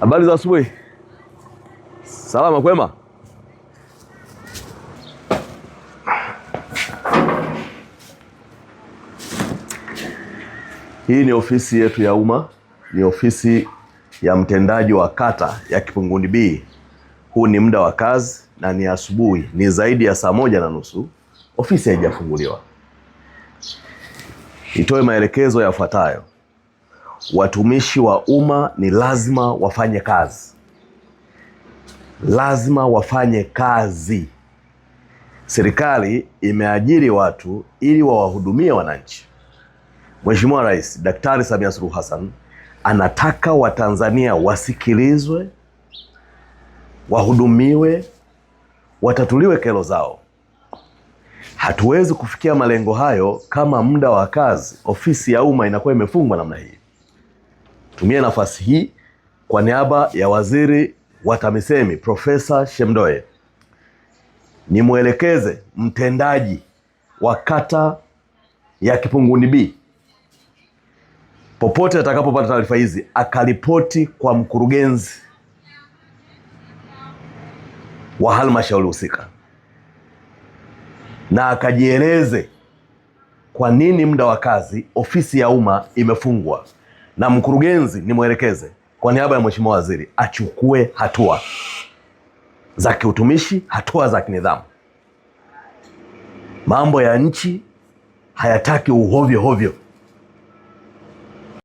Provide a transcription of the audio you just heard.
Habari za asubuhi. Salama kwema? Hii ni ofisi yetu ya umma, ni ofisi ya mtendaji wa kata ya Kipunguni B. Huu ni muda wa kazi na ni asubuhi, ni zaidi ya saa moja na nusu. Ofisi haijafunguliwa. Nitoe maelekezo yafuatayo watumishi wa umma ni lazima wafanye kazi, lazima wafanye kazi. Serikali imeajiri watu ili wawahudumie wananchi. Mheshimiwa Rais Daktari Samia Suluhu Hassan anataka Watanzania wasikilizwe, wahudumiwe, watatuliwe kero zao. Hatuwezi kufikia malengo hayo kama muda wa kazi ofisi ya umma inakuwa imefungwa namna hii. Tumia nafasi hii kwa niaba ya waziri wa TAMISEMI Profesa Shemdoe nimwelekeze mtendaji wa kata ya Kipunguni B popote atakapopata taarifa hizi akaripoti kwa mkurugenzi wa halmashauri husika na akajieleze kwa nini muda wa kazi ofisi ya umma imefungwa na mkurugenzi nimwelekeze kwa niaba ya mheshimiwa waziri achukue hatua za kiutumishi, hatua za kinidhamu. Mambo ya nchi hayataki uhovyo hovyo.